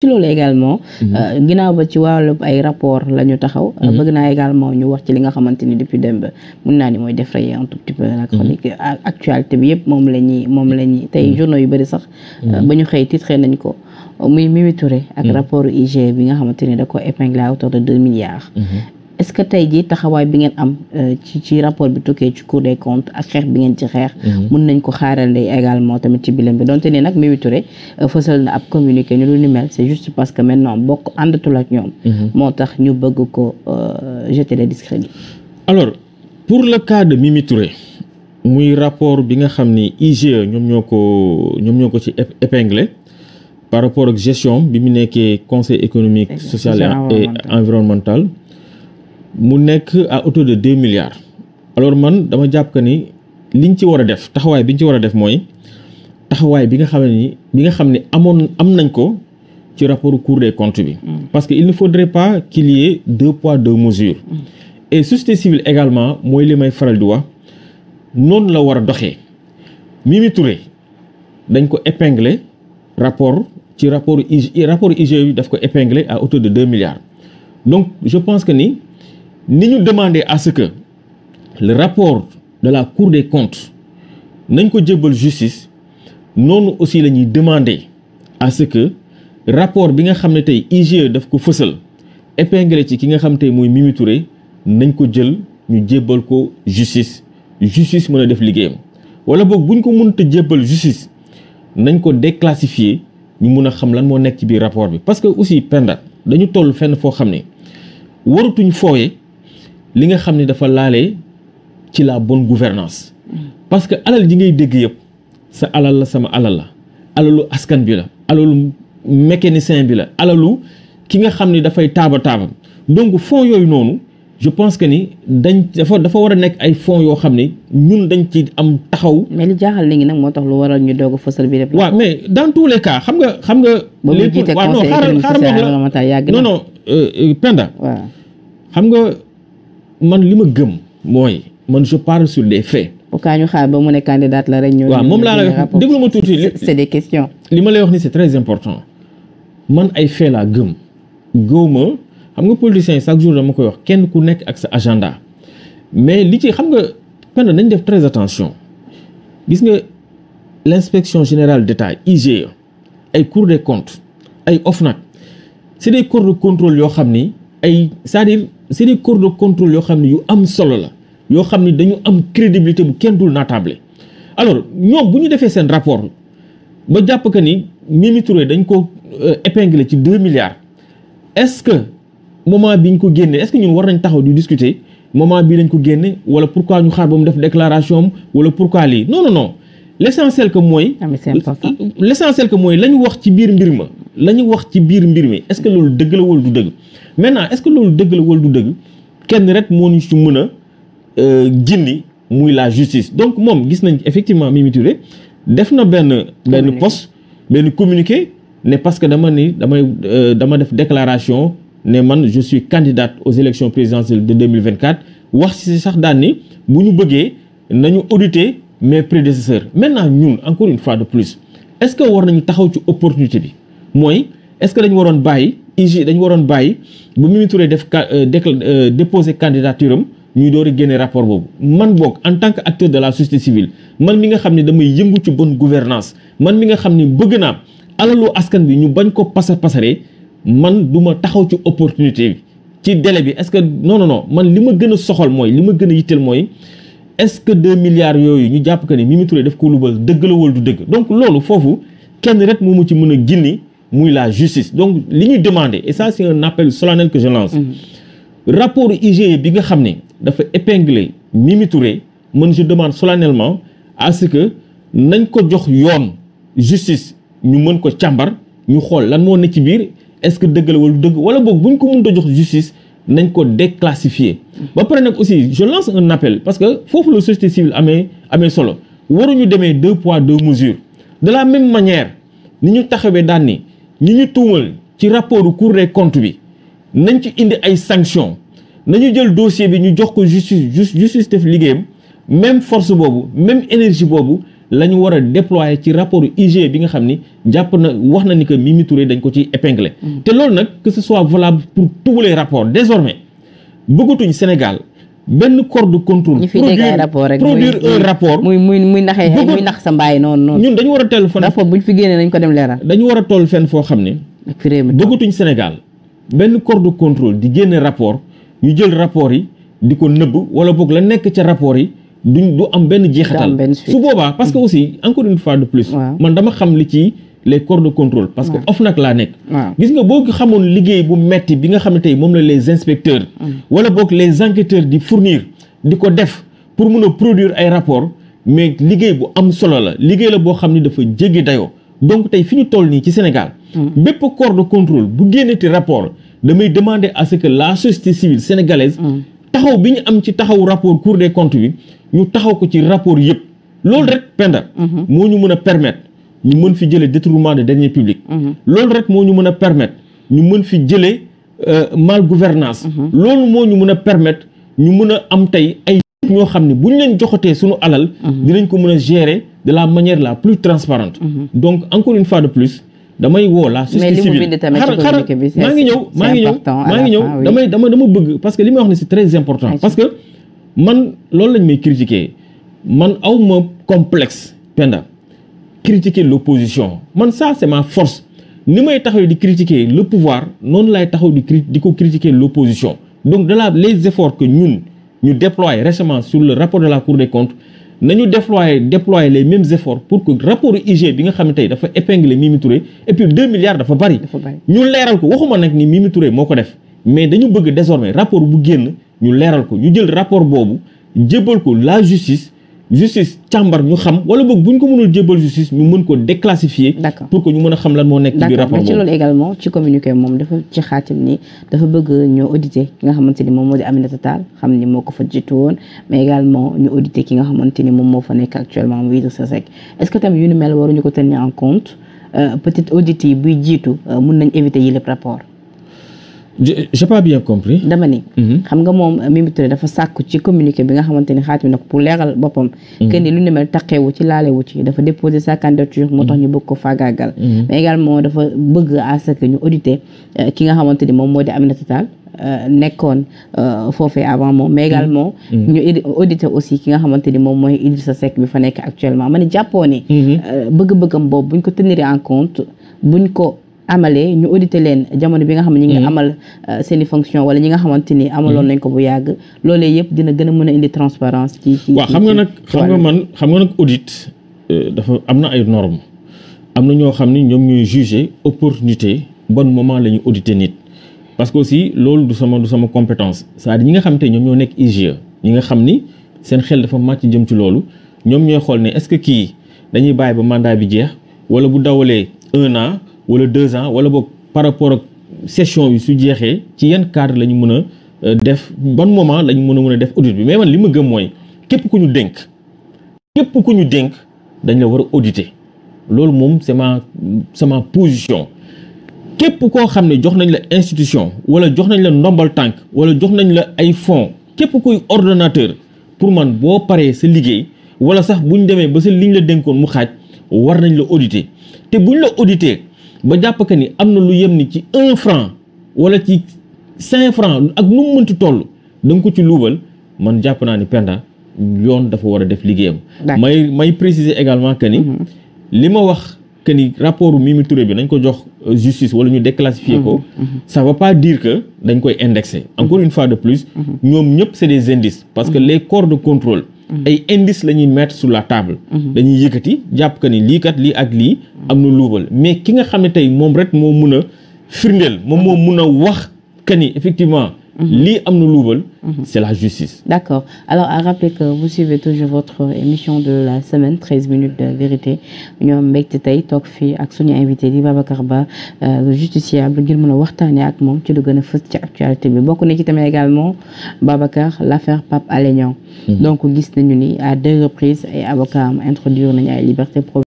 ci loolu également mhm. euh, ginnaaw ba ci wàllu ay rapport la ñu taxaw euh, mhm. bëgg naa également ñu wax ci li nga xamante ni dem ba mun naa ni mooy défrayer un tout petit mhm. euh, actualité bi yëpp moom la ñuy moom la ñuy tey journaux yu bëri sax ba ñu xëy titré nañ ko muy Mimi Touré ak rapport IG bi nga xamante ni da ko épinglé à de deux milliards est-ce que tey jii taxawaay bi ngeen am euh, ci ci rapport bi tukkee ci Cour des comptes ak xeex bi ngeen ci xeex. Mhm. mun nañ ko xaarale également tamit ci bilan bi donte ne nag Mimi Touré euh, fësal na ab communiqué ñu lu ni mel c'est juste parce que maintenant bokk àndatul ak ñoom. Mhm. moo tax ñu bëgg ko euh, jeter alors pour le cas de muy rapport bi nga xam ni IGE ñoom ñoo ko ñoom ñoo ko ci épinglé. par rapport ak gestion bi mu nekkee conseil économique social et environnemental mu nekk à auto de deux milliards alors man dama jàpp que ni liñ ci war a def taxawaay biñ ci war a def mooy taxawaay bi nga xam ni bi nga xam ne amoon am nañ ko ci rapport Cour des comptes bi. Mm. parce que il ne faudrait pas qu'il y ait deux poids deux mesures. Mm. et société civile également mooy li may faral di wax noonu la war a doxee Mimi Touré dañ ko épingler rapport ci rapport rapport IGE bi daf ko épingler à auto de deux milliards donc je pense que ni. ni ñu demandé à ce que le rapport de la cour des comptes nañ ko jébbal justice noonu aussi lañuy ñuy demandé que rapport bi nga xam ne tey IGE daf ko fësal épinglé ci ki nga xam tey mooy Mimi nañ ko jël ñu jébbal ko justice justice mën a def liggéeyam wala boog buñ ko mënta jébbal justice nañ ko déclassifier ñu mun a xam lan moo nekk ci biir rapport bi parce que aussi Penda dañu toll fenn foo xam ni waratuñ fooye li nga xam ne dafa laale ci la bonne gouvernance parce que alal ji ngay dégg yëpp sa alal la sama alal la alalu askan bi la alalu mécanicien bi la alalu ki nga xam ni dafay taaba taaba donc fonds yooyu noonu je pense que ni dañ dafa dafa war a nekk ay fonds yoo xam ne ñun dañ ci am taxaw. mais li jaaxal léegi nag moo tax lu waral ñu doog a fësal bi rek. waa mais dans tous les xam nga xam nga. léegi waaw non xaaral ma la non non euh, euh, Penda. waaw xam nga. man li ma gëm mooy man je parle sur des faits. pour ñu xaar ba mu ne candidat la rek. ñoo waaw moom laa la déglu ma li ma lay wax ni c'est très important man ay faits laa gëm gëw ma xam nga politiciens yi chaque jour ma koy wax kenn ku nekk ak sa agenda mais li ci xam nga pend nañ def très attention gis nga l'inspection générale d'État IGE ay cour des comptes ay OFNAC c'est des corps de contrôle yoo xam ni ay cest c'est des corps de contrôle yoo xam ne yu am solo la yoo xam ne dañu am crédibilité bu kenn dul naatable alors ñoom bu ñu defee seen rapport ba jàpp que ni Mimi Touré dañ ko euh, épinglé ci deux milliards est-ce que moment bi ñu ko génne est-ce ñun war nañ taxaw di discuter moment bi dañ ko génne wala pourquoi ñu xaar ba mu def déclaration am wala pourquoi lii non non non l'essentiel que mooy ah, l'essentiel que mooy la ñu wax ci biir mbir ma la ñu wax ci biir mbir mi est-ce que loolu dëgg la wala du dëgg maintenant est-ce que loolu dëgg la wala du dëgg kenn rek moo ni su mën a euh, jindi muy la justice donc moom gis nañ effectivement Mimi Touré def na benn benn poste benn communiqué ne parce que dama ni damay euh, dama def déclaration ne man je suis candidate aux élections présidentielles de 2024 wax ci sax daan ni bu ñu bëggee nañu auditer mes prédécesseurs maintenant ñun encore une fois de plus est-ce que war nañu taxaw ci opportunité bi mooy est-ce que dañu waroon bàyyi IG dañu waroon bàyyi bu Mimi Touré def euh, euh, déposer candidature am ñuy door a génne rapport boobu man boog en tant que acteur de la société civile man mi nga xam ne damay yëngu ci bon gouvernance man mi nga xam ni bëgg naa alalu askan bi ñu bañ ko pasar pasaree man du ma taxaw ci opportunité bi ci délai bi est-ce que non non man li ma gën a soxal mooy li ma gën a yitteel mooy est-ce que deux milliards yooyu ñu jàpp que ne Mimi Touré ko lubal dëgg la wala du dëgg donc loolu foofu kenn rek moo mu ci mën a ginni muy la justice donc li ñuy demander et ça c'est un appel solennel que je lance mm-hmm. rapport bi nga xam ne dafa épinglé Mimi mën man je demande solennellement à que nañ ko jox yoon justice ñu mën ko càmbar ñu xool lan moo ne ci biir est-ce que dëgg la wala dëgg wala boog buñ ko mënut a jox justice nañ ko déclassifier ba pare nag aussi je lance un parce que foofu la société civile amee amee solo waruñu demee deux poids deux mesures de la même manière ni ñu taxawee daan ñi ñu tuumal ci rapport cour des comptes bi nañ ci indi ay sanctions nañu jël dossier bi ñu jox ko justice justice def liggéeyam même force boobu même énergie boobu la ñu war a déployer ci rapport IG bi nga xam ni jàpp na wax na ni que Mimi Touré dañ ko ci épingler. Mm. te loolu nag que ce soit valable pour tous les rapports désormais bëggatuñ Sénégal benn cordu de ñu fiy dégg ay rapport rek produire un rapport. muy muy muy naxee muy nax sa mbaay noonu noonu. ñun dañu war a teel fan. rapport bu ñu fi génnee nañ ko dem leeral. dañu a toll fenn foo xam ne. bëggatuñ Sénégal benn corps de di génne rapport ñu jël rapport yi di ko nëbb wala boog la nekk ca rapport yi duñ du am benn jeexatal. su boobaa parce que mm. aussi encore une fois de plus. man dama xam li ci. les corps de contrôle parce que OFNAC laa nekk gis nga boo xamoon liggéey bu metti bi nga xam ne tey moom la les inspecteurs mm. wala boog les enquêteurs di fournir di ko def pour mun a produire ay rapport mais liggéey bu am solo la liggéey la boo xam ne dafa jéggi dayoo donc tey fi ñu toll nii ci Sénégal mm. bépp corps de contrôle bu génneti rapport damay demander à que la société civile sénégalaise mm. taxaw bi ñu am ci taxaw rapport Cour des comptes ñu taxaw ko ci rapport yëpp loolu rek penda mm-hmm. moo ñu mën a permettre ñu mën fi jëlee détournement de deniers publics. Mm-hmm. loolu rek moo ñu mën a permettre ñu mën fi jëlee euh, mal gouvernance mm-hmm. loolu moo ñu mën a permettre ñu mën a am tey ay ñoo xam ne bu ñu leen joxotee suñu alal. Mm-hmm. dinañ ko mën a gérer de la manière la plus transparente. donc encore une fois de plus damay woo la société civile xaaral xaaral maa ngi ñëw maa ngi ñëw maa ngi ñëw damay dama dama bëgg parce que li may wax ne c'est très important parce que man loolu lañ may critiquer man aw ma complexe penda critiquer l'opposition man ça c'est ma force ni may taxaw di critiquer le pouvoir noonu lay taxaw di di ko critiquer l'opposition donc de là les efforts que ñun ñu déployer récemment sur le rapport de la Cour des comptes nañu déployer déployer les mêmes efforts pour que rapport IG bi nga xam ne tey dafa épingler Mimi Touré et puis 2 milliards dafa bari. ñu leeral ko waxuma nag ni Mimi Touré moo ko def mais dañu bëgg désormais rapport bu génn ñu leeral ko ñu jël rapport boobu jébbal justice càmbar ñu xam wala boog bu ñu ko mënul jébbal justice ñu mën ko déclassifier. d'accord pour que ñu mën a xam la moo nekk. ci biir rapport ci loolu moom dafa ci xaatim ni bëgg ñu auditer ki nga xamante ni moom moo di Aminata Tall xam ni moo ko fa jiitu woon mais également ñu auditer ki nga xamante ni moom moo fa nekk actuellement muy Idrissa Seck est-ce que tamit yu ni en compte euh, peut-être audit yi jiitu euh, mun nañ éviter yi lépp rapport. j'ai pas bien compris. dama ni. Mhm. xam nga moom euh, Mimi Touré dafa sàkku ci communiqué bi nga xamante ni xaat mi nag pour leeral boppam. Mhm. que ni lu ne mel taqeewu ci laalewu ci dafa déposé sa candidature. moo tax ñu mhm. bëgg ko faagaagal. mais également dafa bëgg à ce que ñu audité euh, ki nga xamante ni moom moo di Aminata Tall euh, nekkoon foofee avant moom mais également ñu audité aussi ki nga xamante ni moom mooy Idrissa Seck bi fa nekk actuellement ma ne jàppoo ne bëgg-bëggam boobu buñ ko te tenir en compte buñ ko amalee ñu audité leen jamono bi nga xam ne ñu ngi mm-hmm. amal euh, seen i fonction wala ñi nga xamante ni amaloon mm-hmm. nañ ko bu yàgg loolee yëpp dina gën a mën a indi transparence ci xam nga nag xam man xam nga nag audit euh, dafa am na ay normes am na ñoo xam ni ñoom ñuy juger opportunité bon moment la ñu auditer nit parce que aussi loolu du sama du sama compétence cest à ñi nga xam ñoom ñoo nekk IGE ñi nga xam ni seen xel dafa màcc jëm ci loolu ñoom ñooy xool ne est-ce que kii dañuy bàyyi ba mandat bi jeex wala bu dawalee un an wala deux ans wala boog par rapport ak session yi su jeexee ci yan cadre la ñu mën a euh, def ban moment la ñu mën a mën a def audit bi mais man li ma gëm mooy képp ku ñu dénk képp ku ñu dénk dañ war a auditer loolu moom c'est ma position képp koo xam ne jox nañ la institution wala jox nañ la ndombal tànk wala jox nañ la ay fonds képp kuy ordinateur pour man boo paree sa liggéey wala sax bu demee ba sa liñ la dénkoon mu xaaj war nañ la auditer te buñ la auditer ba jàpp que ni am na lu yem ni ci un franc wala ci cinq franc ak nu mu mënti toll da ko ci luubal man jàpp naa ni Penda yoon dafa war a def liggéeyam. may may préciser également que ni. Mhm. li ma wax que ni rapport Mimi Touré bi nañ ko jox euh, justice wala ñu déclassifier mhm. ko. Mhm. ça veut pas dire que dañ koy indexer. encore une fois de plus. ñoom ñëpp c'est des indices. parce que les corps de contrôle. Mm-hmm. ay indices la ñuy mettre sur la table. Mm-hmm. dañuy yëkkati jàpp que ni lii kat lii ak lii am na luubal mais ki nga xam ne tey moom rek moo mun a firndeel moom moo mun a wax que ni effectivement. Mhm. lii am na luubal mhm. c'est la justice d'accord alors à rappeler que vous suivez toujours votre émission de la semaine 13 minutes de vérité ñoom mbégte tey toog fii ak suñu invité di Babacar Ba euh, le justiciable ngir mën a waxtaane ak moom ci lu gën a fës ci actualité bi bokk na ci tamit également Babacar l'affaire Pape Alé Niang mhm. donc gis nañu ni à deux reprises ay avocats am introduire nañu ay liberté